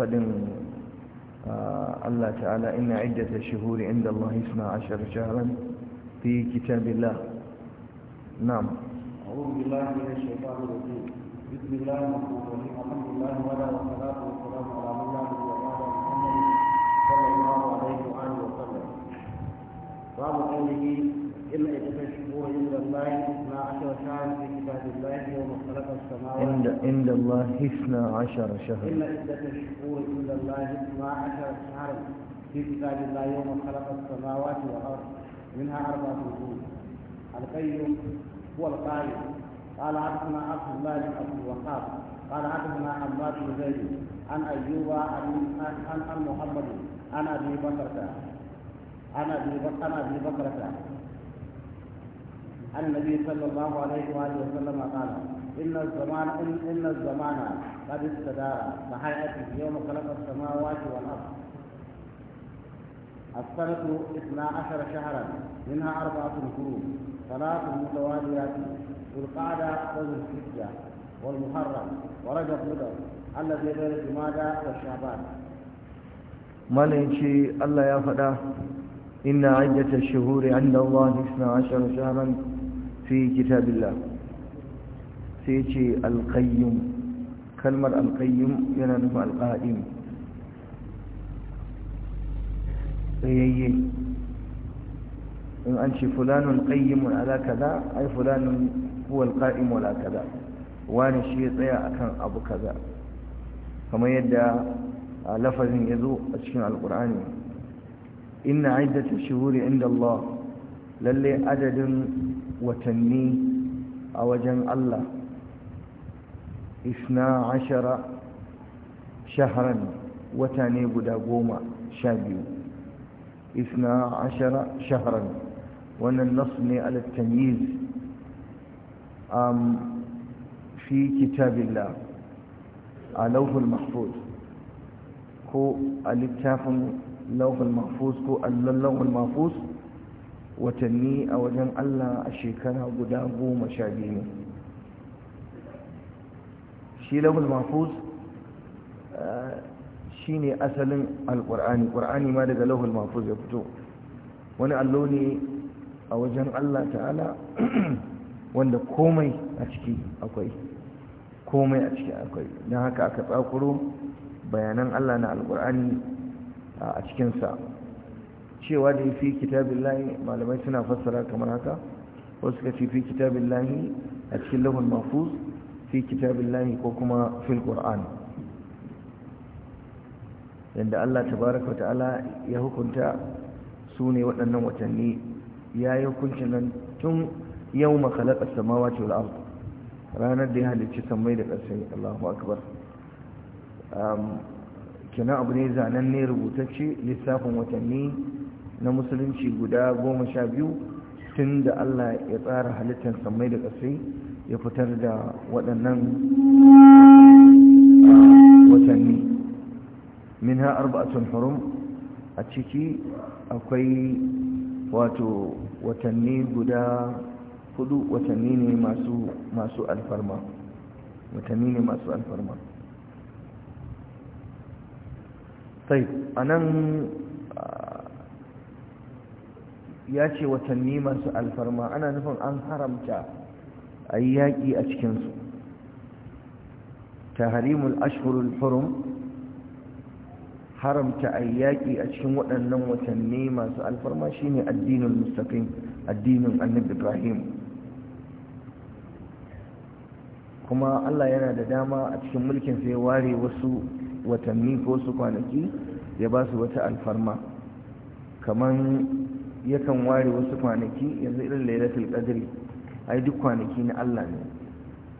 فدن آه، الله تعالى إن عدة الشهور عند الله اثنا عشر شهرا في كتاب الله نعم أعوذ بالله من الشيطان الرجيم بسم الله الرحمن الرحيم الحمد لله ولا والصلاة والسلام على من لا نبي بعده محمد صلى الله عليه وآله وسلم باب قوله إلا إذا عند الله اثنا عشر شهرا في كتاب الله يوم خلق السماوات عند عند الله عشر شهرا إلا إذا الشهور عند الله اثنا عشر شهرا في كتاب الله يوم خلق السماوات والأرض منها أربعة شهور القيم هو القائل قال عبدنا عبد الله بن أبي وقاص قال عبدنا الله بن زيد عن أيوب عن عن محمد عن أبي بكرة عن أبي بكرة عن النبي صلى الله عليه وآله وسلم قال إن الزمان إن, إن الزمان قد استدار كهيئته يوم خلق السماوات والأرض السنة اثنا عشر شهرا منها أربعة قرون ثلاث متواليات ذو القعدة وذو الحجة والمحرم ورجب بدر الذي بين جمادى والشعبان مالنشي الله يا فدا إن عدة الشهور عند الله اثنا عشر شهرا fi kitabillah sai ce alqayyum kalmar alqayyum yana nufin alqadim tsayayye in an ce fulanun qayyimun ala kaza ai fulanun huwa alqaim ala kaza wani shi ya tsaya kan abu kaza kamar yadda lafazin ya zo a cikin alqur'ani inna iddatash shuhuri inda Allah adadin watanni a wajen Allah isna ashara shaharan wata ne guda goma sha biyu isna ashara shaharan wannan nasu ne ala tamyiz في كتاب الله لوح المحفوظ كو الكتاب لوح المحفوظ كو اللوح المحفوظ watanni a wajen Allah a shekara guda goma sha biyu ne shi laful mahfuz eh, shi ne asalin alƙur'ani ƙur'ani ma daga laful mahfuz ya fito wani allo ne a wajen Allah ta'ala wanda komai a ciki akwai komai a ciki akwai don haka aka tsakuro bayanan Allah na alƙur'ani eh, a cikinsa cewa da fi lahi malamai suna fassara kamar haka wasu ka fi fi kitabillahi a cikin lahul mahfuz fi kitabillahi ko kuma fil qur'an yanda Allah tabaraka ta'ala ya hukunta su ne waɗannan watanni ya yi hukuncin nan tun yau makalaƙa samawa ce wal'ar ranar da ya halicci sammai da ƙarshe allahu akbar kina abu ne zanen ne rubutacce lissafin watanni na musulunci guda goma sha biyu tun da Allah ya tsara halittar samai da ƙasai ya fitar da waɗannan ah, watanni min ha arba'atun hurum a ciki akwai wato watanni guda hudu watanni ne masu alfarma watanni ne masu alfarma sai anan ya ce watanni masu alfarma ana nufin an haramta a yi yaƙi a cikinsu taharimul ashhurul haramta a yi yaƙi a cikin waɗannan watanni masu alfarma shine addinin mustaqim addinin annabi ibrahim kuma allah yana da dama a cikin mulkin sai ware wasu watanni ko su kwanaki ya ba su wata alfarma kamar yakan ware wasu kwanaki yanzu irin lailatul qadri ai duk kwanaki na Allah ne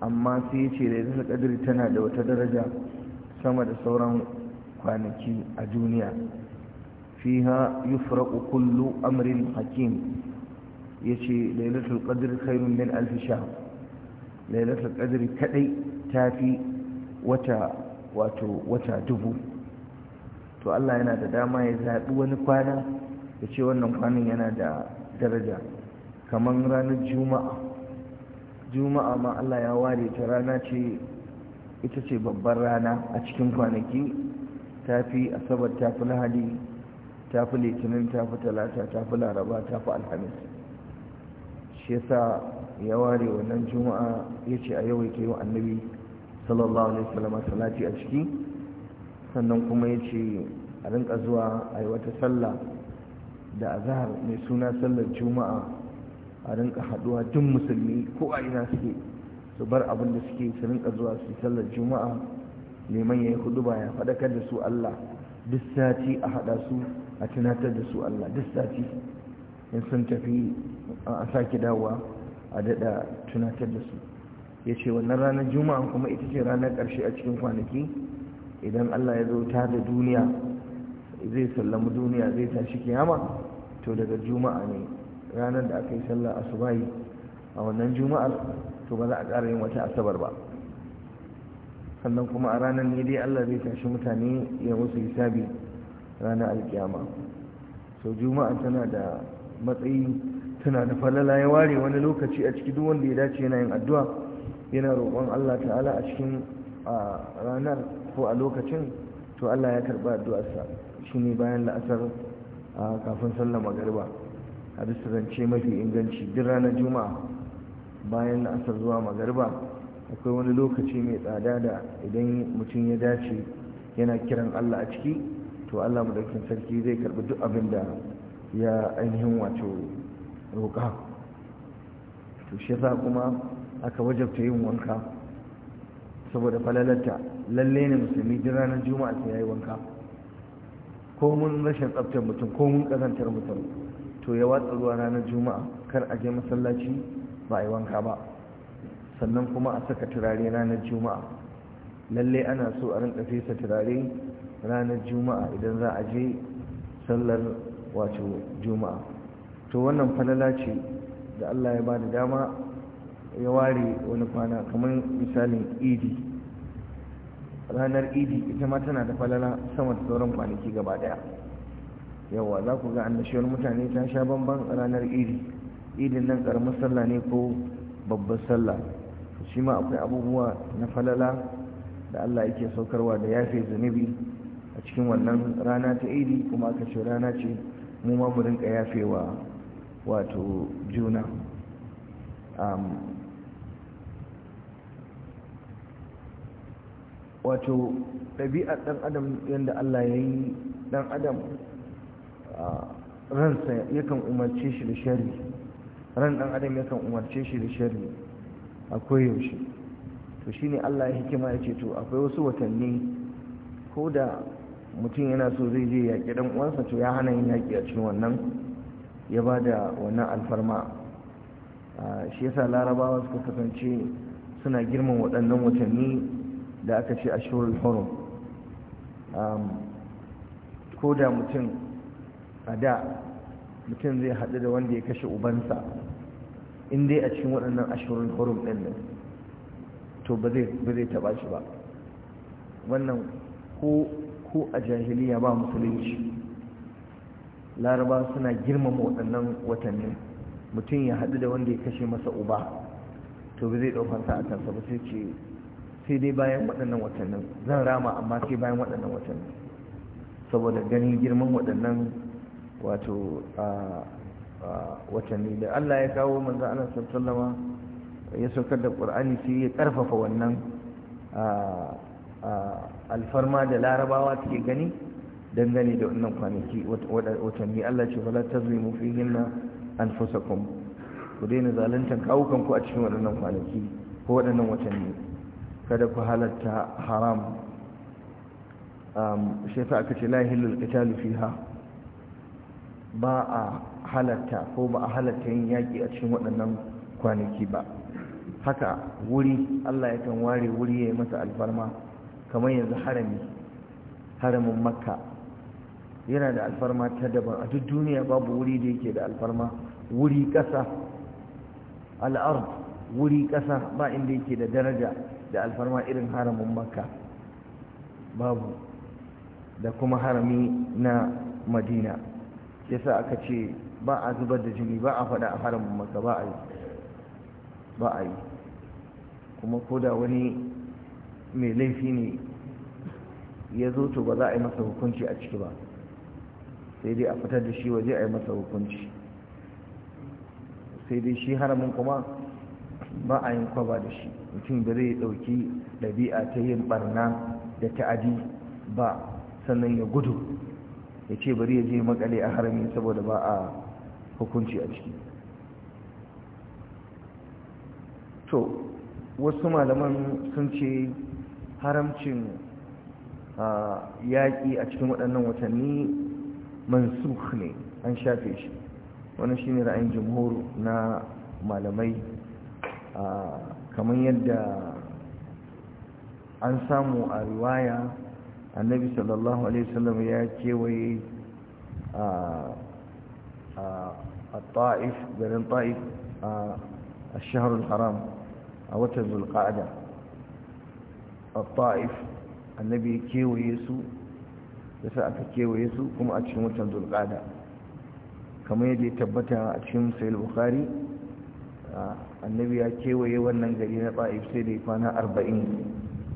amma sai yace lailatul qadri tana da wata daraja sama da sauran kwanaki a duniya fiha yufraqu kullu amrin hakim yace lailatul qadri khairun min alf shahr lailatul qadri kadai tafi wata wato wata dubu to Allah yana da dama ya zaɓi wani kwana da ce wannan kwanan yana da daraja kamar ranar juma'a juma'a ma Allah ya ware ta rana ce ita ce babbar rana a cikin kwanaki ta fi asabar ta fi lahadi ta fi litinin ta fi talata ta fi laraba ta fi alhamis shi yasa ya ware wannan juma'a ya ce a yawaita yi wa annabi sallallahu alaihi wasallam salati a ciki sannan kuma ya ce a rinka zuwa a yi wata sallah da azahar mai suna sallar juma'a a rinka haduwa duk musulmi ko a ina suke su bar abin da suke su rinka zuwa su sallar juma'a neman yayi hudu ba ya faɗakar da su Allah duk sati a haɗa su a tunatar da su Allah duk sati in sun tafi a sake dawowa a dada tunatar da su ya ce wannan ranar juma'a kuma ita ce ranar karshe a cikin kwanaki idan Allah ya zo ta da duniya zai sallama duniya zai tashi kiyama to daga juma'a ne ranar da aka yi sallah asubahi a wannan juma'ar to ba za a ƙara yin wata asabar ba sannan kuma a ranar ne dai Allah zai tashi mutane ya musu hisabi ranar alkiyama so juma'a tana da matsayi tana da falala ya ware wani lokaci a ciki duk wanda ya dace yana yin addu'a yana roƙon Allah ta'ala a cikin ranar ko a lokacin to Allah ya karɓi addu'arsa shine bayan la'asar a kafin sallar magariba hadisi bisa zance mafi inganci duk ranar juma'a bayan asar zuwa magariba akwai wani lokaci mai tsada da idan mutum ya dace yana kiran allah a ciki to allah madaukin sarki zai karbi duk abin da ya ainihin wato roƙa to shi yasa kuma aka wajabta yin wanka saboda falalarta lalle ne musulmi duk ranar juma'a sai ya yi wanka ko mun rashin tsaftar mutum ko mun ƙazantar mutum to ya watsa ruwa ranar juma'a kar a je masallaci ba a yi wanka ba sannan kuma a saka turare ranar juma'a lalle ana so a rinka fesa turare ranar juma'a idan za a je sallar wato juma'a to wannan falala ce da allah ya ba da dama ya ware wani kwana kamar misalin idi ranar idi ita ma tana da falala sama da sauran kwanaki gaba daya yawa za ku ga annashiyar mutane ta sha bamban ranar idi idin nan karamar sallah ne ko babbar sallah shi ma akwai abubuwa na falala da allah yake saukarwa da yafe zunubi a cikin wannan rana ta idi kuma aka ce rana ce mu ma mu rinka yafewa wato juna wato ɗabi'ar ɗan adam yadda Allah ya yi ɗan adam ransa yakan umarce shi da shari ran ɗan adam yakan umarce shi da shari akwai yaushe to shi ne Allah ya hikima ya ce to akwai wasu watanni ko da mutum yana so zai je yaƙi ɗan uwansa to ya hana yin yaƙi a cikin wannan ya ba da wannan alfarma shi yasa larabawa suka kasance suna girman waɗannan watanni da aka ce shirin hurum ko da mutum a da mutum zai haɗu da wanda ya kashe ubansa in dai a cikin waɗannan ashirin hurum ɗin nan to ba zai taɓa shi ba wannan ko a jahiliya ba musulunci laraba suna girmama waɗannan watanni mutum ya haɗu da wanda ya kashe masa uba to ba zai ɗaukansa a kansa ba sai ce sai dai bayan waɗannan watannin zan rama amma sai bayan waɗannan watannin saboda ganin girman waɗannan wato watanni da Allah ya kawo manzo Allah sallama ya saukar da Qur'ani sai ya karfafa wannan alfarma da larabawa take gani dangane da wannan kwanaki watanni Allah ce wala tazlimu fihinna anfusakum ku daina zaluntan kawukan ku a cikin waɗannan kwanaki ko waɗannan watanni kada ku halatta haram shi sa aka ce lahilul qitalu fiha ba a halatta ko ba a halatta yin yaƙi a cikin waɗannan kwanaki ba haka wuri Allah yakan ware wuri ya yi masa alfarma kamar yanzu harami haramin makka yana da alfarma ta daban a duk duniya babu wuri da yake da alfarma wuri ƙasa al'ard wuri ƙasa ba inda yake da daraja da alfarma irin haramin makka babu da kuma harami na madina yasa aka ce ba a zubar da jini ba a faɗa a haramin makka ba a yi ba a yi kuma koda wani mai laifi ne ya zo to ba za a yi masa hukunci a ciki ba sai dai a fitar da shi waje a yi masa hukunci sai dai shi haramin kuma ba a yin kwaba da shi mutum da zai ɗauki ɗabi'a ta yin barna da ta'adi ba sannan ya gudu ya ce bari ya je makale a harami saboda ba a hukunci a ciki to wasu malaman sun ce haramcin yaƙi a cikin waɗannan watanni mansuk ne an shafe shi shi shine ra'ayin jamhur na malamai kamar yadda an samu a riwaya annabi sallallahu alaihi wasallam ya kewaye a ta'if garin ta'if a shaharul haram a watan zulqa'ada a ta'if annabi ya kewaye su yasa aka kewaye su kuma a cikin watan zulqa'ada kamar yadda ya tabbata a cikin sahih bukhari annabi ya kewaye wannan gari na ba'if sai da kwana arba'in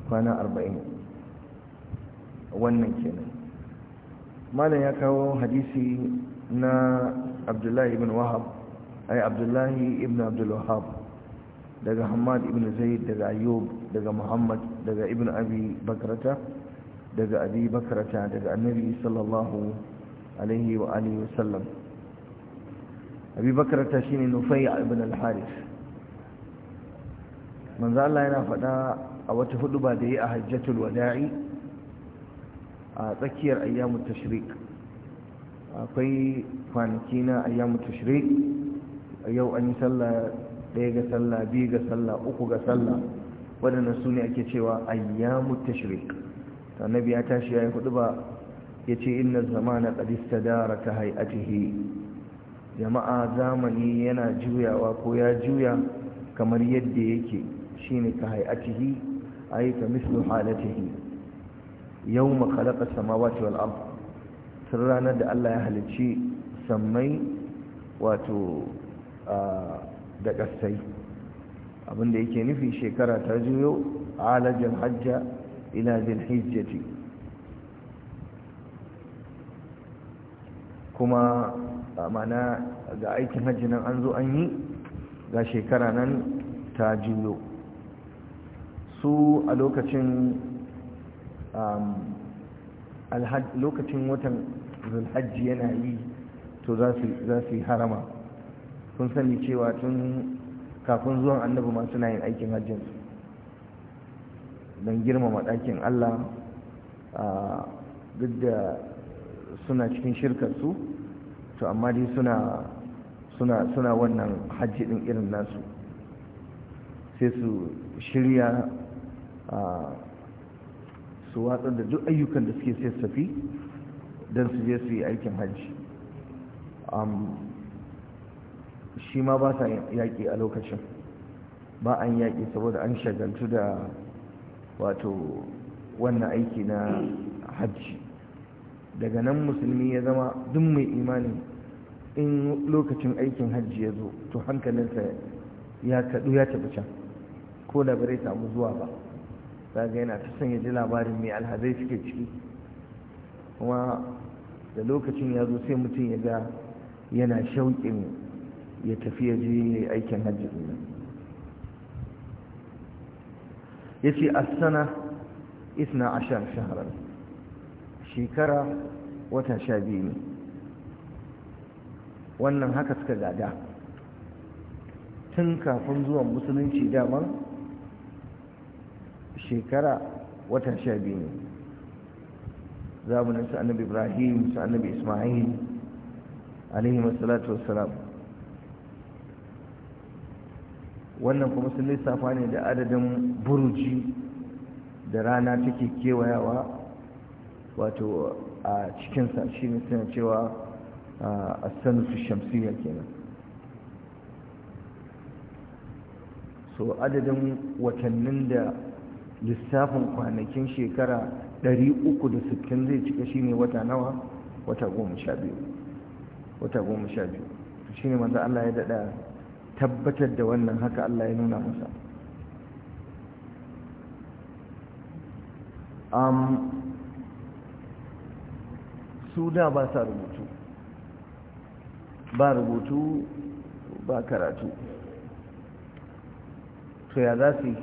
kwana arba'in wannan kenan malam ya kawo hadisi na abdullahi ibn wahab ay abdullahi ibn abdul daga hamad ibn zaid daga ayyub daga muhammad daga ibn abi bakrata daga abi bakrata daga annabi sallallahu alaihi wa alihi wasallam abubakar bakar ta shine nufai ibn al-haris manzo Allah yana faɗa a wata huduba da yi a hajjatul wada'i a tsakiyar ayyamut tashrik akwai kwanaki na ayyamut tashrik yau an yi sallah ɗaya ga sallah biyu ga sallah uku ga sallah waɗannan su ne ake cewa ayyamut tashrik annabi ya tashi yayin huduba yace inna zamana da istadara ka hay'atihi jama'a zamani yana juyawa ko ya juya kamar yadda yake shine ka hayatihi ay ka mislu halatihi ma khalaqa samawati wal ard tun ranar da Allah ya halicci sammai wato da kasai abinda yake nufi shekara ta juyo alajal hajja ila zil hijjati kuma mana ga aikin hajji nan an zo an yi ga shekara nan ta juyo su a lokacin um, lokacin watan zulhajji yana yi to za su yi harama kun sani cewa tun kafin zuwan annabi ma suna yin aikin hajjinsu don girmama ɗakin allah duk da suna cikin shirkarsu to amma dai suna suna suna wannan hajji din irin nasu sai su shirya su watsar da duk ayyukan da suke sai safi don su je su yi aikin hajji shi ma ba sa yaƙi a lokacin ba an yaƙi saboda an shagaltu da wato wannan aiki na hajji daga nan musulmi ya zama duk mai imani in lokacin aikin hajji ya zo to hankalinsa ya kaɗu ya tafi can ko da bare samu zuwa ba zaga yana ta sanya ya ji labarin mai alhazai suke ciki kuma da lokacin ya zo sai mutum ya ga yana shauƙin ya tafi ya je aikin hajji ya ce asana isna ashar shaharar shekara wata sha biyu ne wannan haka suka gada tun kafin zuwan musulunci daman shekara wata sha biyu ne zamanin su annabi ibrahim su annabi ismail alaihi masalatu wassalam wannan kuma sun lissafa ne da adadin buruji da rana take kewayawa wato a cikinsa shi ne suna cewa a sanusu shamsiyya kenan so adadin watannin da lissafin kwanakin shekara 360 zai cika shi ne wata nawa wata goma sha biyu wata goma sha biyu shi ne manzo Allah ya daɗa tabbatar da wannan haka Allah ya nuna masa su da ba sa rubutu ba rubutu ba karatu to ya za su yi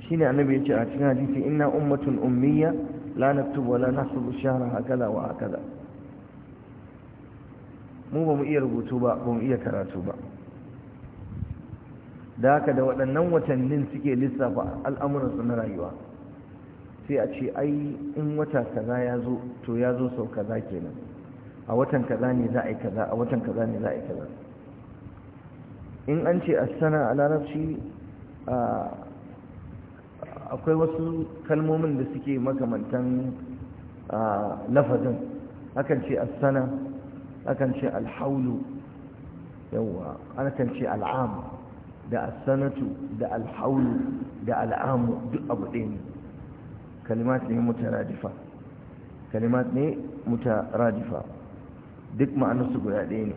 shi ne annabi ya ce a cikin hadisi ina ummatun ummiya la naktubu wala nahsubu shahra hakaza wa hakaza mu ba mu iya rubutu ba ba mu iya karatu ba da haka da waɗannan watannin suke lissafa al'amuransu na rayuwa sai a ce ai in wata kaza ya zo to ya zo sau kaza kenan a watan kaza ne za a yi kaza a watan kaza ne za a yi kaza in an ce asana a larabci akwai wasu kalmomin da suke makamantan lafazin akan ce asana akan ce alhaulu yawa akan ce al'amu da asanatu da alhaulu da al'amu duk abu ɗaya ne kalimat ne mutaradifa kalimat ne mutaradifa duk ma'anarsu guda ɗaya ne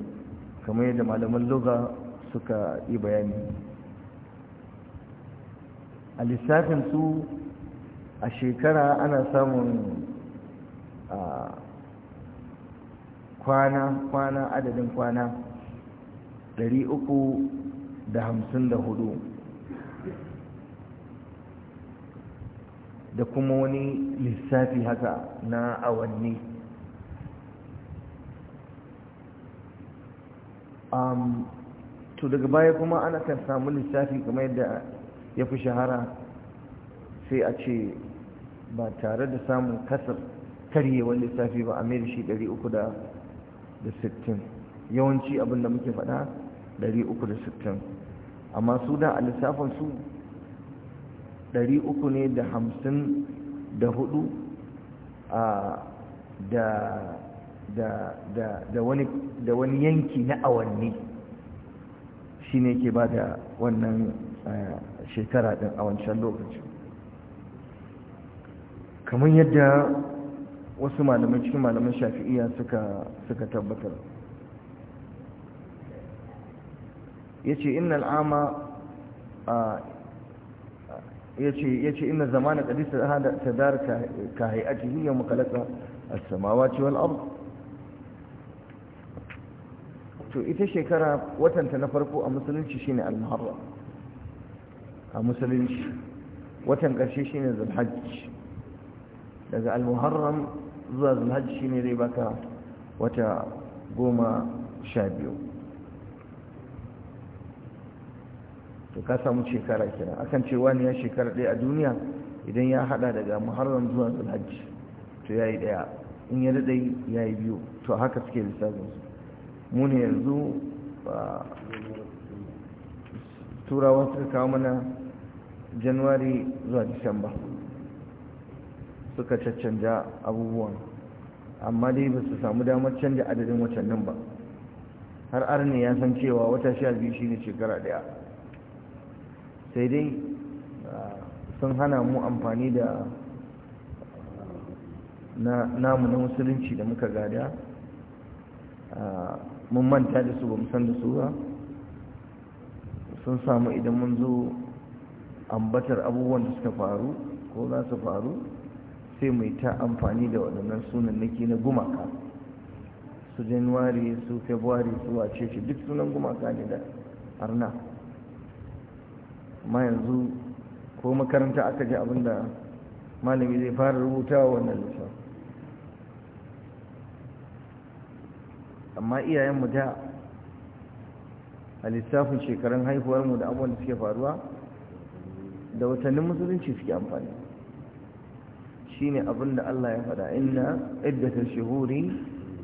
kamar yadda malaman lugha suka yi bayani a lissafin su a shekara ana samun kwana kwana adadin kwana 354 da kuma wani lissafi haka na awanni to daga baya kuma ana kan samu lissafi kamar yadda ya fi shahara sai a ce ba tare da samun kasar karyewar lissafi ba a mai da shi 360 yawanci abinda muke faɗa 360 amma su da a lissafinsu ɗari uku ne da hamsin da hudu da wani yanki na awanni shine yake ke ba da wannan shekara ɗin a wancan lokacin kamar yadda wasu malamai cikin malaman shafi'iya suka tabbatar yace ce ama Ya ce yace inna zamana qad ta dara ka hay'atihi yawma khalaqa a samawa ciwon abu. to ita shekara watanta na farko a musulunci shine al-muharram a musulunci watan karshe shine zulhajj daga al-muharram zuwa zulhajj shine zai baka wata goma sha biyu to ka samu shekara kenan akan ce wani ya shekara ɗaya a duniya idan ya haɗa daga muharram zuwa zulhajji to yayi ɗaya in ya daɗe yayi biyu to haka suke lissafin mu ne yanzu turawa suka kawo mana januwari zuwa disamba suka caccanja abubuwan amma dai ba su samu damar canja adadin watannin ba har arni ya san cewa wata sha biyu ne shekara ɗaya sai dai ah, sun hana mu amfani da namu na musulunci da muka gada ah, mun manta da su ba san da su ba sun samu idan mun zo ambatar abubuwan da suka faru ko za su faru sai mai ta amfani da waɗannan sunannaki na gumaka su januwari su februari su wace duk sunan gumaka ne da arna ma yanzu ko makaranta aka ji abinda malami zai fara rubutawa wannan lissafi amma iyayenmu da a lissafin shekarun haihuwarmu da abubuwan da suke faruwa da watannin musulunci suke amfani shi ne abin Allah ya fada inna iddatar shahuri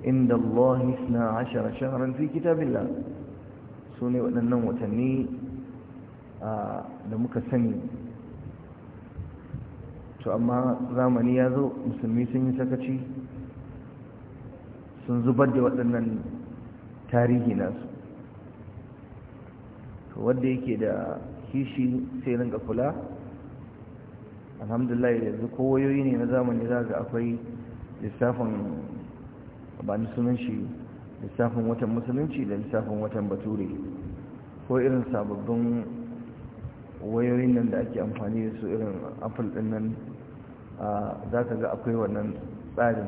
inda Allah na ashirar shaharar fi kitabillah su ne waɗannan watanni da muka sani to amma zamani ya zo musulmi sun yi sakaci sun zubar da waɗannan tarihi nasu to wadda yake da kishi sai ringa kula alhamdulillah yanzu ko wayoyi ne na zamani za ga akwai lissafin ba ni sunan lissafin watan musulunci da lissafin watan bature ko irin sababbin wayoyin nan da ake amfani da su irin apple din nan za ka ga akwai wannan tsarin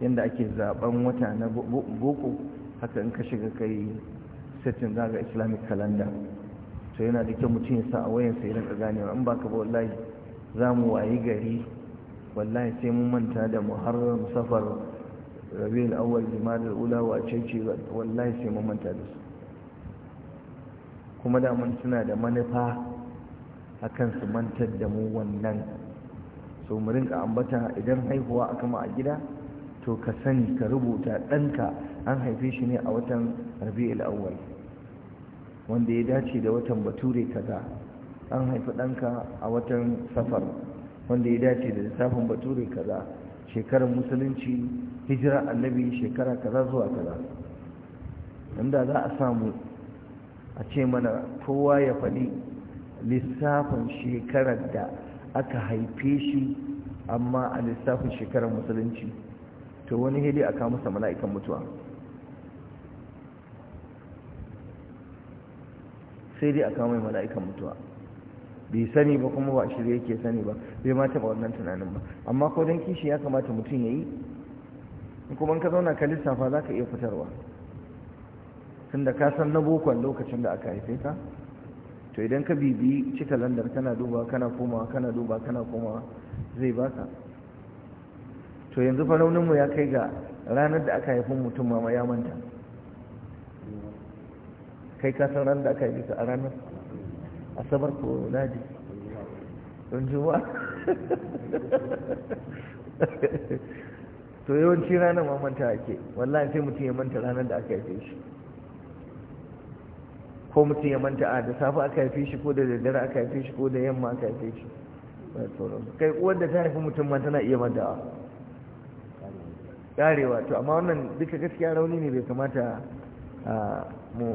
yadda ake zaben wata na boko haka in ka shiga kai setting za ga islamic calendar to yana da kyau mutum ya sa a wayansa irin ganewa in ka ba wallahi za mu wayi gari wallahi sai mun manta da muharram safar rabi awwal jimadul ula wa cece wallahi sai mun manta da su kuma da mun suna da manufa akan su mantar da mu wannan so mu rinka ambata idan haihuwa aka ma a gida to ka sani ka rubuta ɗanka an haife shi ne a watan rabi'ul awwal wanda ya dace da watan bature kaza an haifi ɗanka a watan safar wanda ya dace da lissafin bature kaza shekarar musulunci hijira annabi shekara kaza zuwa kaza inda za a samu a ce mana kowa ya faɗi lissafin shekarar da aka haife shi amma a lissafin shekarar musulunci to wani hili a kawo masa mala'ikan mutuwa sai dai a kama mai mala'ikan mutuwa bai sani ba kuma ba shirya yake sani ba bai ma taɓa wannan tunanin ba amma kodan kishi ya kamata mutum ya yi kuma ka zauna ka lissafa za ka iya fitarwa da ka san na bokon lokacin da aka haife ka to idan ka bibi cika landar kana duba kana komawa kana duba kana komawa zai baka to yanzu fa ya kai ga ranar da aka haifin mutum mama ya manta kai ka san ranar da aka haifi a ranar asabar ko ladi don juma'a to yawanci ranar ma manta ake wallahi sai mutum ya manta ranar da aka haife shi ko mutum ya manta a da safe aka haife shi ko da daddare aka haife shi ko da yamma aka haife shi kai uwar da ta haifi mutum ma tana iya mantawa karewa to amma wannan duka gaskiya rauni ne bai kamata mu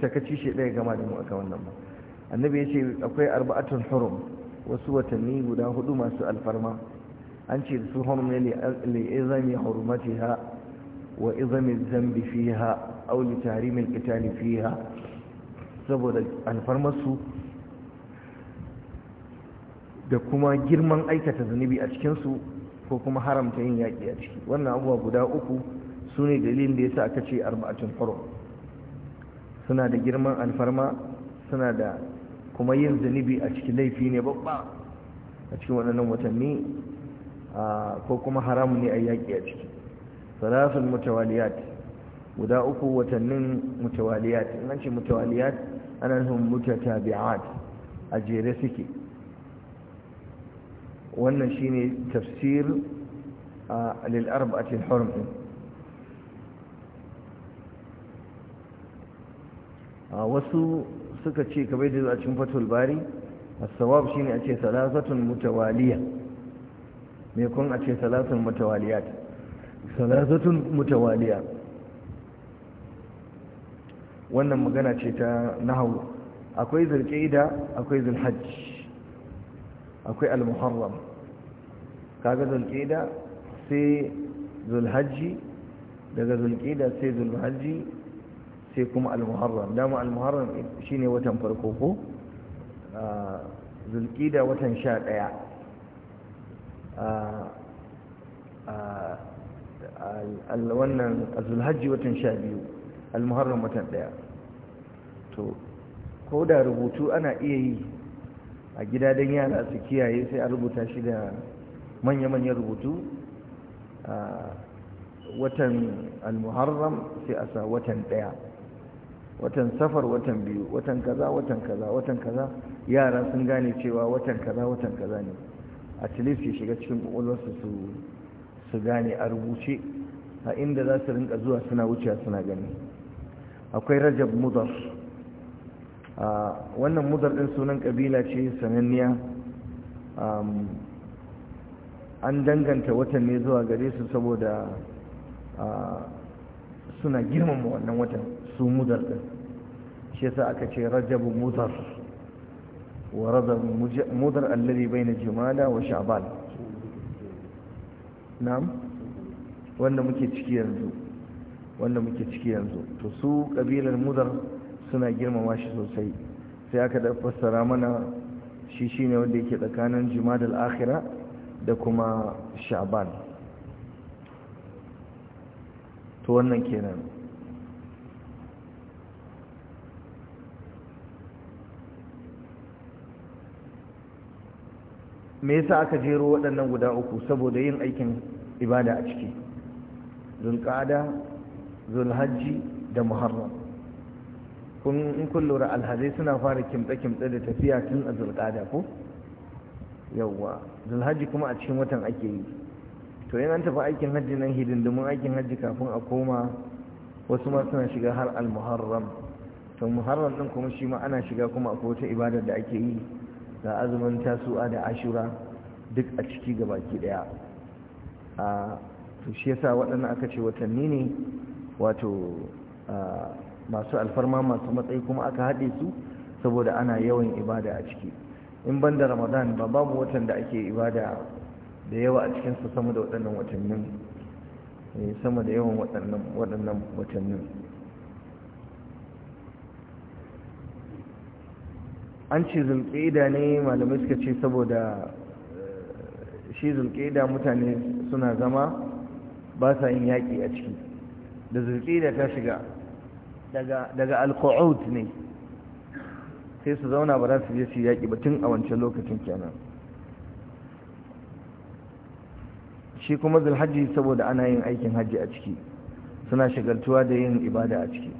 sakaci shi ɗaya gama da mu aka wannan ba annabi ya ce akwai arba'atun hurum wasu watanni guda hudu masu alfarma an ce su hurum ne li izami hurumatiha وإظم الذنب فيها أو لتحريم القتال فيها saboda alfarmarsu da kuma girman aikata zunubi a cikinsu ko kuma haramta yin yaƙi a ciki wannan abubuwa guda uku su ne dalilin da ya sa aka ce arba'atin faro suna da girman alfarma suna da kuma yin zunubi a cikin laifi ne babba a cikin waɗannan watanni ko kuma haramu ne a yaƙi a ciki salasun mutawaliyat guda uku watannin mutawaliyat in an ce mutawaliyat ana nufin mutatabi'at a jere suke wannan shine tafsir a lil arba'atil A wasu suka ce kamar da zuwa cin fatul bari as-sawab shine a ce salasatun mutawaliya me kun a ce salasatun mutawaliyat salasatun mutawaliya wannan magana ce ta nahawu akwai zulqa'ida akwai zulhajj akwai almuharram kaga zulqa'ida sai zulhajji daga zulqa'ida sai zulhajji sai kuma almuharram dama almuharram shine watan farko ko ah, zulqa'ida watan 11 wannan azulhajji watan sha biyu almuharram watan ɗaya to ko da rubutu ana iya yi a gida don yara su kiyaye sai a rubuta shi da manya-manyan rubutu a watan almuharram sai a sa watan ɗaya watan safar watan biyu watan kaza watan kaza watan kaza yara sun gane cewa watan kaza watan kaza ne at least ya shiga cikin ƙwaƙwalwarsu su su gane a rubuce a inda za su rinka zuwa suna wuce suna gani akwai rajab mudar wannan mudar ɗin sunan ƙabila ce sananniya an danganta watan ne zuwa gare su saboda suna girmama wannan watan su mudar ɗin shi yasa aka ce rajab mudar wa rajab mudar bai baina jimala wa sha'ban na'am wanda muke ciki yanzu wanda muke ciki yanzu to su kabilar mudar suna girmama shi sosai sai aka da fassara mana shi shine wanda yake tsakanin al akhira da kuma sha'ban to wannan kenan me yasa aka jero waɗannan guda uku saboda yin aikin ibada a ciki zulƙada zulhajji da muharram kun in kun lura alhazai suna fara kimtsa-kimtsa da tafiya tun a zulƙada ko yawwa zulhajji kuma a cikin watan ake yi to in an tafi aikin hajji nan hidindimin aikin hajji kafin a koma wasu ma suna shiga har al-muharram to muharram din kuma shi ma ana shiga kuma akwai wata ibadar da ake yi ga azumin tasu'a da ashura duk a ciki ga baki daya a to shi yasa waɗannan aka ce watanni ne wato masu alfarma masu matsayi kuma aka haɗe su saboda ana yawan ibada a ciki in ban da ramadan ba babu watan da ake ibada da yawa a cikinsa sama da waɗannan watannin eh, sama da yawan waɗannan watannin an ce zulƙida ne malamai suka ce saboda eh, shi zulƙida mutane suna zama ba sa yin yaƙi a ciki da zulƙida ta shiga daga alko'aut ne sai su zauna ba za su je su yaƙi ba a wancan lokacin kenan shi kuma zulhajji saboda ana yin aikin hajji a ciki suna shigartuwa da yin ibada a ciki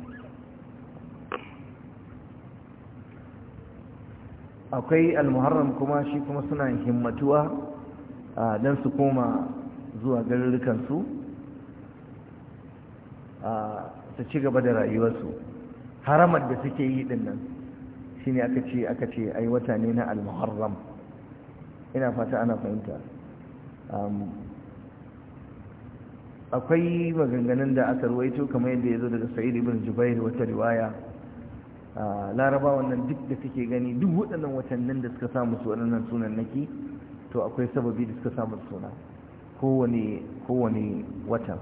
akwai almuharram kuma shi kuma suna himmatuwa don su koma zuwa garurrukansu su ci gaba da rayuwarsu haramar da suke yi dinnan shi ne aka ce aka ce ai wata ne na almuharram ina fata ana fahimta akwai maganganun da aka ruwaito kamar yadda ya zo daga sa'id ibn jubair wata riwaya laraba wannan duk da kake gani duk waɗannan watannin da suka samu su waɗannan sunannaki to akwai sababi da suka samu suna kowane kowane wata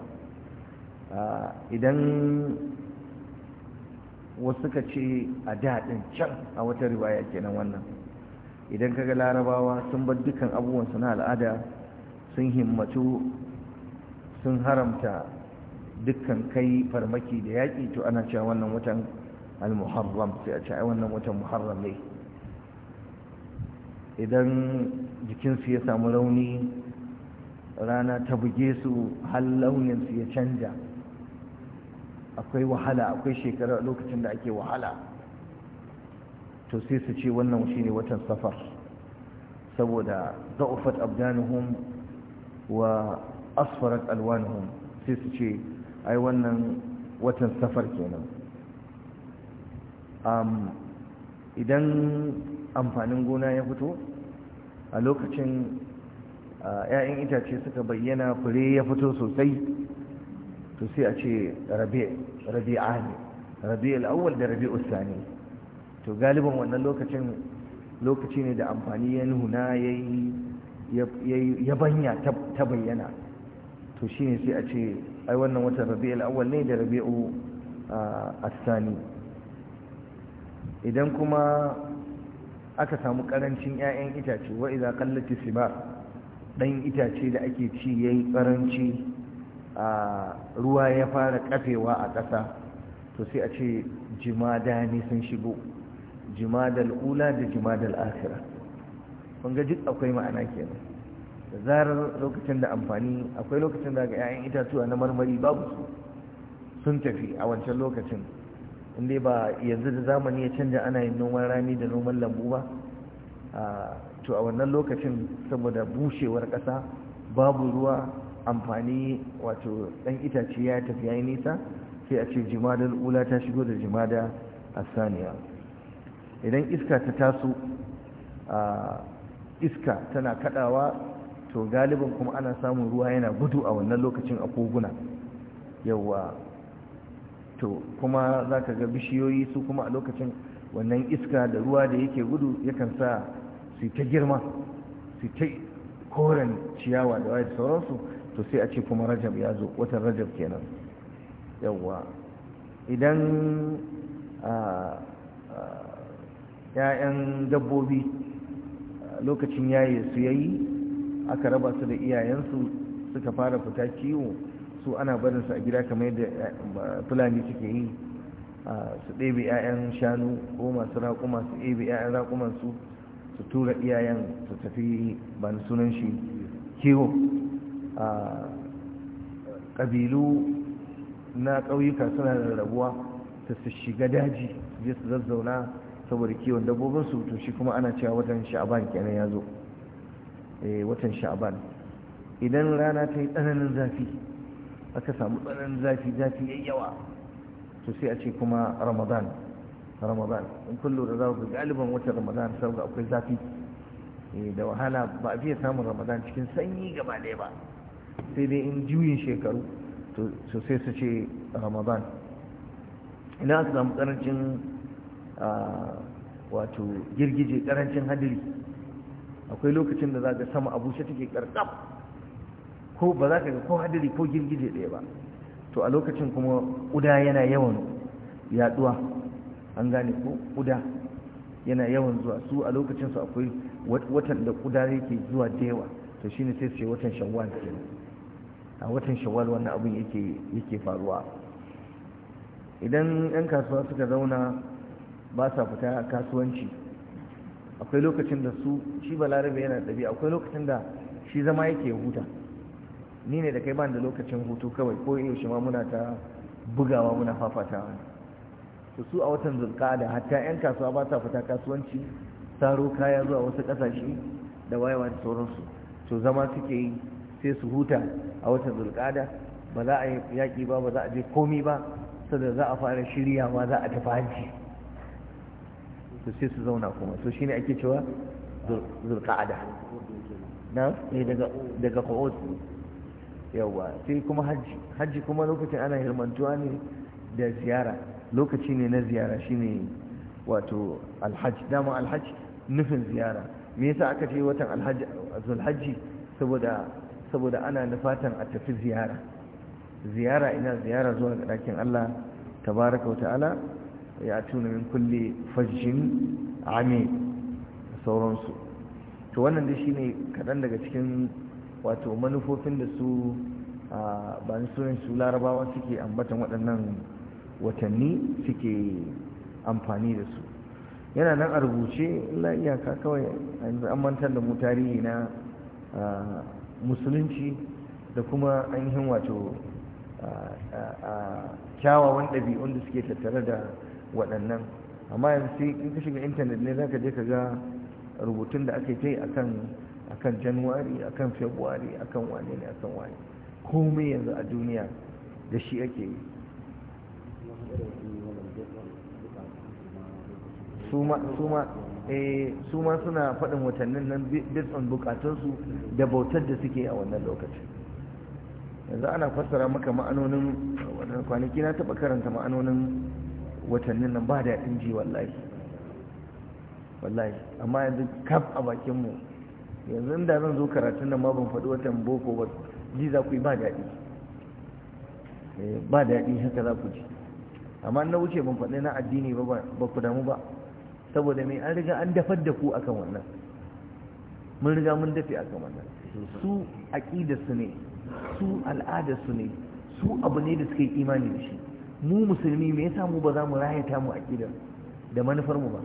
idan wasu suka ce a daɗin can a wata riwaya kenan wannan idan kaga larabawa sun bar dukkan abubuwansu na al'ada sun himmatu sun haramta dukkan kai farmaki da yaƙi to ana cewa wannan watan al-muharram sai a ce ai wannan watan muharram ne idan jikinsu ya samu rauni rana ta buge su har launinsu ya canja akwai wahala akwai shekara lokacin da ake wahala to sai su ce wannan shi ne watan safar saboda za'ufat abdanuhum wa asfarat alwanuhum sai su ce ai wannan watan safar kenan idan amfanin gona ya fito a lokacin ‘ya'yan itace suka bayyana fure ya fito sosai to sai a ce rabi'a ne rabi'a al'awwal da rabi'a Sani. to galiban wannan lokacin lokaci ne da amfani ya nuna ya banya ta bayyana to shi ne sai a ce ai wannan watan rabi'a al'awwal ne da rabi'a Sani. idan kuma aka samu karancin 'ya'yan itace wa idza qallati simar dan itace da ake ci yayi karanci a ruwa ya fara kafewa a ƙasa to sai a ce jimada ne sun shigo jimadal ula da jimadal akhirah kun ga duk akwai ma'ana kenan da zarar lokacin da amfani akwai lokacin da ga 'ya'yan itatuwa na marmari babu su sun tafi a wancan lokacin inda ba yanzu da zamani ya canja ana yin noman rani da noman lambu ba to a wannan lokacin saboda bushewar ƙasa babu ruwa amfani wato ɗan itace ya tafi yi nisa sai a ce jimadar ula ta shigo da jimada a saniya idan iska ta taso iska tana kaɗawa to galibin kuma ana samun ruwa yana gudu a wannan lokacin a koguna yawwa to kuma za ka ga bishiyoyi su kuma a lokacin wannan iska da ruwa da yake gudu yakan sa su ta girma su ta koren ciyawa da wayar sauransu to sai a ce kuma rajab ya zo watan rajab kenan yawwa idan ‘ya'yan dabbobi lokacin yaye su yayi aka raba su da iyayensu suka fara fita kiwo su ana barin su a gida kamar yadda eh, fulani suke yi su ɗebe 'ya'yan shanu ko masu raƙuma su ɗebe 'ya'yan raƙuman su su tura iyayen su tafi ban sunan shi kiwo a ƙabilu na ƙauyuka suna da rarrabuwa ta su shiga daji je su zazzauna saboda kiwon su to shi kuma ana cewa watan sha'aban kenan ya zo eh, watan sha'aban idan rana ta yi tsananin zafi aka samu tsananin zafi zafi yayi yawa to sai a ce kuma ramadan ramadan in kullu da za ku galiban wata ramadan ga akwai zafi eh, da wahala ba a fiye samun ramadan cikin sanyi gaba ɗaya ba sai dai in juyin shekaru to sai su ce ramadan idan aka samu ƙarancin wato girgije ƙarancin hadiri akwai lokacin da za ga sama shi take karkab ko ba za ka ga ko hadiri ko girgije ɗaya ba to a lokacin kuma ƙuda yana yawan yaduwa an gane ko ƙuda yana yawan zuwa su a lokacin su akwai watan da ƙuda yake zuwa da yawa to shine sai su ce watan shawwal ke a watan shawwal wannan abin yake yake faruwa idan 'yan kasuwa suka zauna ba sa fita kasuwanci akwai lokacin da su shi balarabe yana ɗabi akwai lokacin da shi zama yake huta ni ne da kai ban da lokacin hutu kawai ko yaushe ma muna ta bugawa muna fafatawa to su a watan zulqa'ada hatta yan kasuwa ba sa fita kasuwanci saro kaya zuwa wasu kasashe da wayewa da sauransu to zama suke yi sai su huta a watan zulqa'ada ba za a yi yaƙi ba ba za a je komi ba saboda za a fara shirya shiryawa za a tafi hajji to sai su zauna kuma to shine ake cewa zulqa'ada na eh, daga daga yawa sai kuma hajji hajji kuma lokacin ana hirmantuwa ne da ziyara lokaci ne na ziyara shine wato alhaji dama alhaji nufin ziyara me yasa aka ce watan alhaji saboda saboda ana nufatan a tafi ziyara ziyara ina ziyara zuwa ga Allah tabaraka wa ta'ala ya tuna min kulli fajjin ami sauransu to wannan dai shine kaɗan daga cikin wato manufofin da su ba sunan su larabawa suke ambatan waɗannan watanni suke amfani da su yana nan a rubuce la iyaka kawai an mantar da mu tarihi na musulunci da kuma ainihin wato kyawawan ɗabi'un da suke tattare da waɗannan amma yanzu sai in ka shiga intanet ne za ka je ka ga rubutun da ake ta yi akan akan januwari akan februari akan wane ne akan wane komai yanzu a duniya da shi ake yi su ma eh, suna faɗin watannin nan based on bukatunsu da bautar da suke a wannan lokacin yanzu ana fassara maka ma'anonin wannan kwanaki na taɓa karanta ma'anonin watannin nan ba daɗin ji wallahi wallahi amma yanzu kaf a bakinmu yanzu da zan zo karatun nan ma ban faɗi watan boko ba ji za ku yi ba daɗi eh, ba daɗi haka za ku ji amma na wuce ban faɗi na addini ba ba ku damu ba saboda mai an riga an dafar da ku akan wannan mun riga mun dafe akan wannan su su ne su al'adarsu ne su abu ne da suka yi imani da shi mu musulmi me yasa mu ba za mu rayata mu aƙidar da manufar mu ba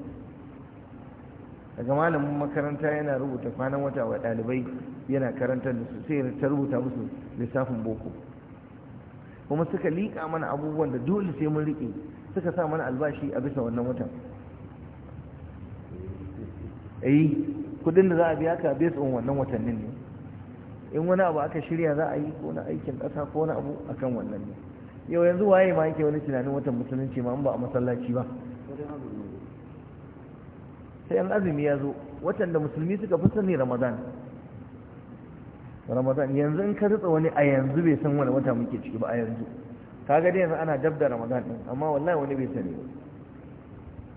daga malamin makaranta yana rubuta kwanan wata wa ɗalibai yana karantar da su sai ta rubuta musu lissafin boko kuma suka liƙa mana abubuwan da dole sai mun riƙe suka sa mana albashi a bisa wannan watan eh kudin da za a biya ka a bisa wannan watannin ne in wani abu aka shirya za a yi ko na aikin ƙasa ko na abu akan wannan ne yau yanzu waye ma yake wani tunanin watan musulunci ma ba a masallaci ba sai an azumi ya zo watan da musulmi suka fi sani ramadan ramadan yanzu in ka rutsa wani a yanzu bai san wani wata muke ciki ba a yanzu kaga dai yanzu ana dab da ramadan din amma wallahi wani bai sani ba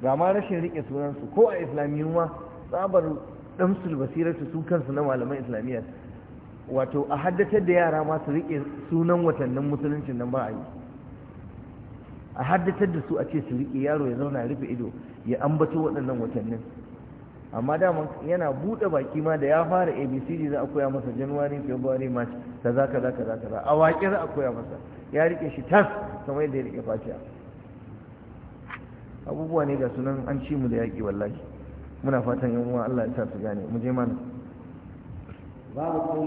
ga ma rashin rike sunansu ko a islamiyyun ma tsabar damsul basiratu su kansu na malaman islamiyya wato a haddatar da yara ma su rike sunan watannin musuluncin nan ba a yi a haddatar da su a ce su rike yaro ya zauna rufe ido ya ambato waɗannan watannin amma dama yana buɗe baki ma da ya fara abcd za a koya masa january february march ka kaza ka kaza a waƙe za a koya masa ya rike shi tas kamar yadda ya rike fatiha abubuwa ne ga sunan an ci mu da yaƙi wallahi muna fatan yan uwa Allah ya sa su gane mu je mana babu da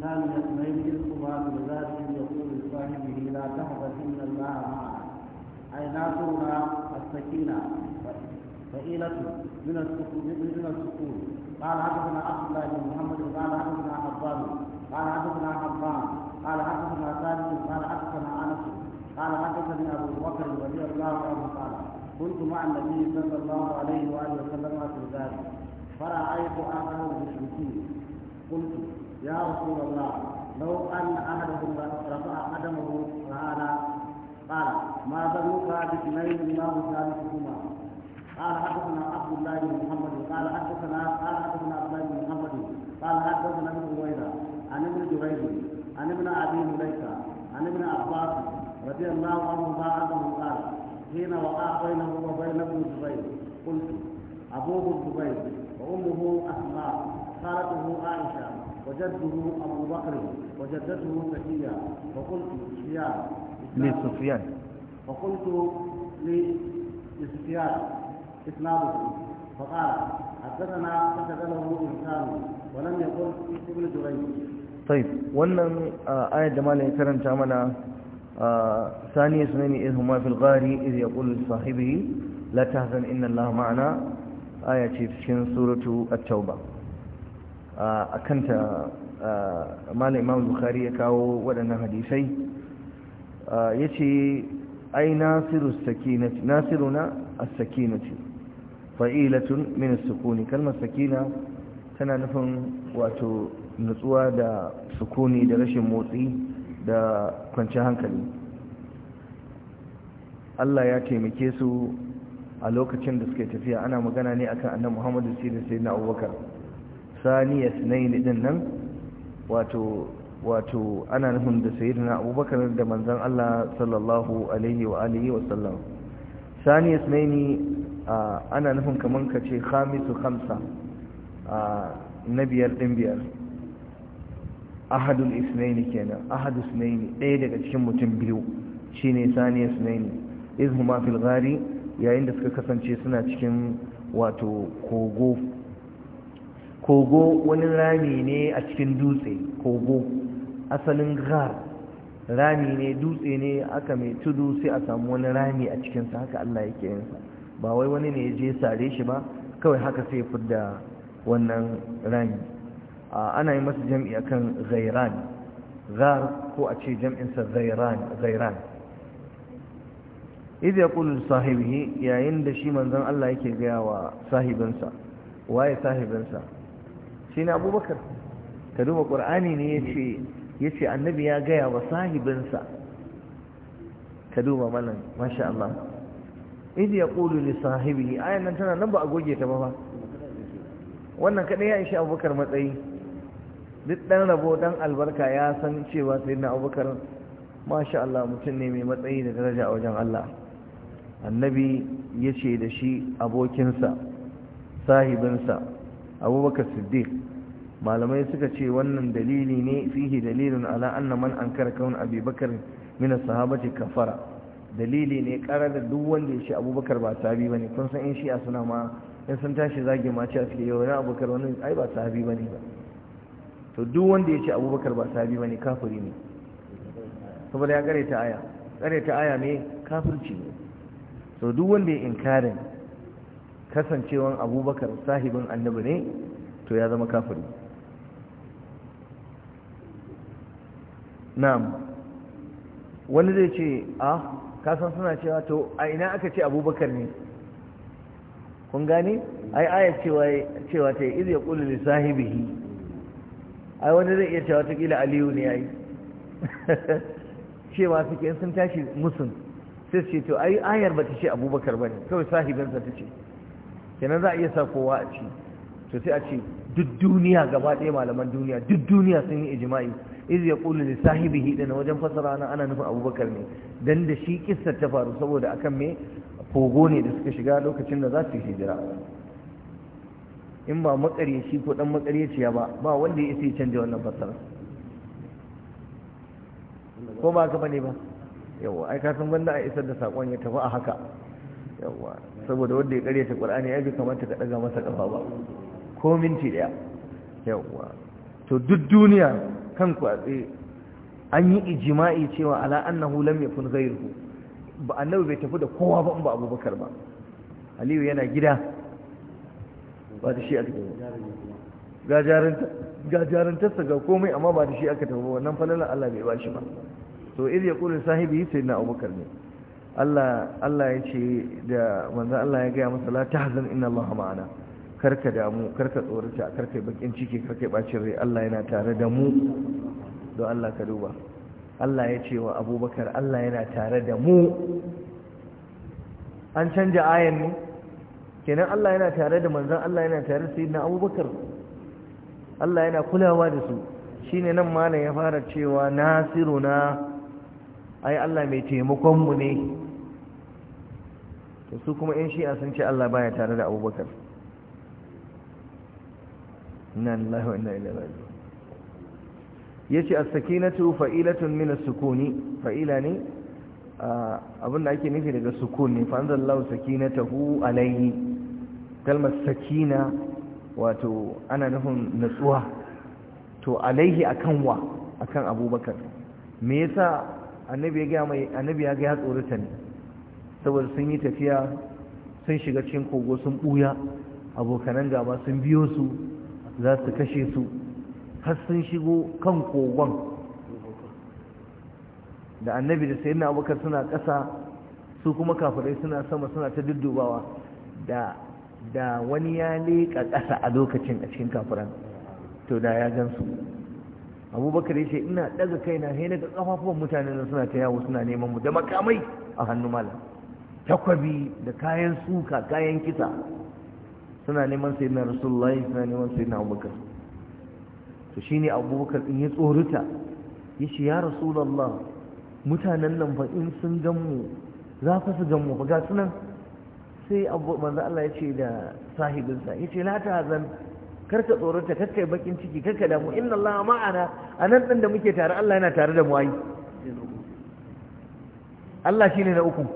kana nasma'i al-qur'an wa zalika yaqulu sahibihi la tahzan inna Allah na so na as-sakina fa'ilatu من السكون من السكون قال حدثنا عبد الله بن محمد قال حدثنا حبان قال حدثنا حبان قال حدثنا ثابت قال حدثنا انس قال حدثني ابو بكر رضي الله عنه قال كنت مع النبي صلى الله عليه واله وسلم في ذلك فرايت احد المشركين قلت يا رسول الله لو ان احدهم رفع قدمه فهذا قال ما ظنك باثنين الله ثالثهما قال حدثنا عبد الله بن محمد قال حدثنا قال حدثنا عبد الله بن محمد قال حدثنا ابن هريره عن ابن جريج عن ابن ابي مليكه عن ابن عباس رضي الله عنه بعده قال حين وقع بينه وبين ابن الزبير قلت ابوه الزبير وامه اسماء خالته عائشه وجده ابو بكر وجدته سفيه وقلت سفيان لسفيان وقلت لسفيان إسناده فقال حدثنا فشغله إنسان ولم يقل ابن جريج طيب wannan ayat da karanta mana sani sunani idhuma fil ghari idh yaqulu sahibihi la tahzan inna allaha ma'ana aya ce cikin suratu a tauba kanta malamin imam bukhari ya kawo waɗannan hadisai yace ai nasiru nasiruna as fa'ilatun min sukuni kalmar sakina tana nufin wato nutsuwa da sukuni da rashin motsi da kwanciyar hankali Allah ya taimake su a lokacin da suke tafiya ana magana ne akan annan Muhammadu Sirri sai na Abubakar saniya sunaini din nan wato ana nufin da sayyidina Abubakar da manzon Allah sallallahu alaihi wa alihi wa ana nufin kamar ka ce khamisu khamsa na biyar ɗin biyar ahadul isnaini kenan ahadu isnaini ɗaya daga cikin mutum biyu shine saniya isnaini izhuma fil ghari yayin da suka kasance suna cikin wato kogo kogo wani rami ne a cikin dutse kogo asalin ghar rami ne dutse ne aka mai tudu sai a samu wani rami a cikinsa haka Allah yake yansa. ba wai wani ne ya je sare shi ba kawai haka sai ya fudda wannan rami ana yi masa jam'i akan zairan zar ko a ce jam'insa idan ya kulu sahibi yayin da shi manzon Allah yake gaya wa sahibinsa waye sahibinsa shine Abubakar ka duba Qur'ani ne yace yace annabi ya gaya wa sahibinsa ka duba mallan masha Allah ya ƙulu ne sahibi ayan nan tana nan ba a goge ta ba ba wannan kaɗai ya ishi abubakar matsayi duk ɗan rabo dan albarka ya san cewa sai na abubakar masha Allah mutum ne mai matsayi da daraja a wajen Allah annabi ya ce da shi abokinsa sahibinsa abubakar siddiq malamai suka ce wannan dalili ne fihi dalilin ala annaman man ankara kaun abubakar min sahabati kafara dalili ne ƙara da duk wanda ya ce abubakar ba sahabi ba ne kun san in shi'a suna ma in sun tashi zage ma ce a suke yau na abubakar wani ai ba sahabi ba ne ba to duk wanda ya ce abubakar ba sahabi ba ne kafiri ne saboda ya ƙare ta aya ƙare ta aya ne kafirci ne to duk wanda ya inkarin kasancewan abubakar sahibin annabi ne to ya zama kafiri na'am wani zai ce a ah, kasan suna cewa to a ina aka ce abubakar ne kun gani ai aya cewa ta yi ya ƙulu li sahibihi ai wani zai iya cewa ta ƙila aliyu ne yi? cewa suke sun tashi musun sai su ce to ai ayar ba ta ce abubakar ba ne kawai sahibinsa ta ce kenan za a iya sa kowa a ci to sai a ce duk duniya gaba ɗaya malaman duniya duk duniya sun yi ijima'i iz ya qulu li sahibi din wajen fasara na ana nufin abubakar ne dan da shi kissar ta faru saboda akan me kogo ne da suka shiga lokacin da za su hijira in ba shi ko ɗan makarye ciya ba ba wanda ya isa ya canja wannan fasara ko ba ka bane ba yawa ai ka san banda a isar da sakon ya tafi a haka yawa saboda wanda ya karyata qur'ani ai bai kamar ka daga masa kafa ba ko minti daya yawwa to duk duniya kan kwatsi an yi ijima'i cewa ala annahu lam yakun ghayruhu ba annabi bai tafi da kowa ba ba abubakar ba aliyu yana gida ba da shi aka tafi gajarantarsa ga komai amma ba da shi aka tafi wannan falalar Allah bai ba shi ba to iz yaqulu sahibi sayyidina abubakar ne Allah Allah ya ce da manzo Allah ya gaya masa la tahzan inna Allah ma'ana karka damu karka tsorata karka bakin ciki karka bacin rai Allah yana tare da mu don Allah ka duba Allah ya ce wa abubakar Allah yana tare da mu an canja ayan ne kenan Allah yana tare da manzan Allah yana tare yi na abubakar Allah yana kulawa da su shine nan malam ya fara cewa nasiruna ai Allah mai taimakon mu ne to su kuma in shi'a sun ce Allah baya tare da abubakar inna lillahi wa inna ilaihi raji'un yace as-sakinatu fa'ilatun min as-sukuni fa'ila ne abinda ake nufi daga sukun ne fa anzalallahu sakinatahu alayhi kalmar sakina wato ana nufin natsuwa to alaihi akan wa akan abubakar me yasa annabi ya ga annabi ya ga ya tsorata ne saboda sun yi tafiya sun shiga cikin kogo sun buya abokanan gaba sun biyo su za su kashe su har sun shigo kan kogon da annabi da sayi abubakar suna kasa, su kuma kafirai suna sama suna ta duddubawa da da wani ya leƙa ƙasa a lokacin a cikin kafiran to da ya gan su abubakar ya ce ina ɗaga kaina sai na ga ƙafafuwan mutanen suna ta yawo suna neman mu da makamai a hannu malam takwabi da kayan suka kayan kisa suna neman sayyidina rasulullahi suna neman sayyidina abubakar to shine abubakar din ya tsorita yace ya rasulullah mutanen nan fa in sun gan mu za fa su gan mu fa ga sunan sai abu manzo Allah yace da sahibinsa yace la zan karka tsorata karka yi bakin ciki karka damu inna Allah ma'ana a nan ɗin da muke tare Allah yana tare da mu ai Allah shine na uku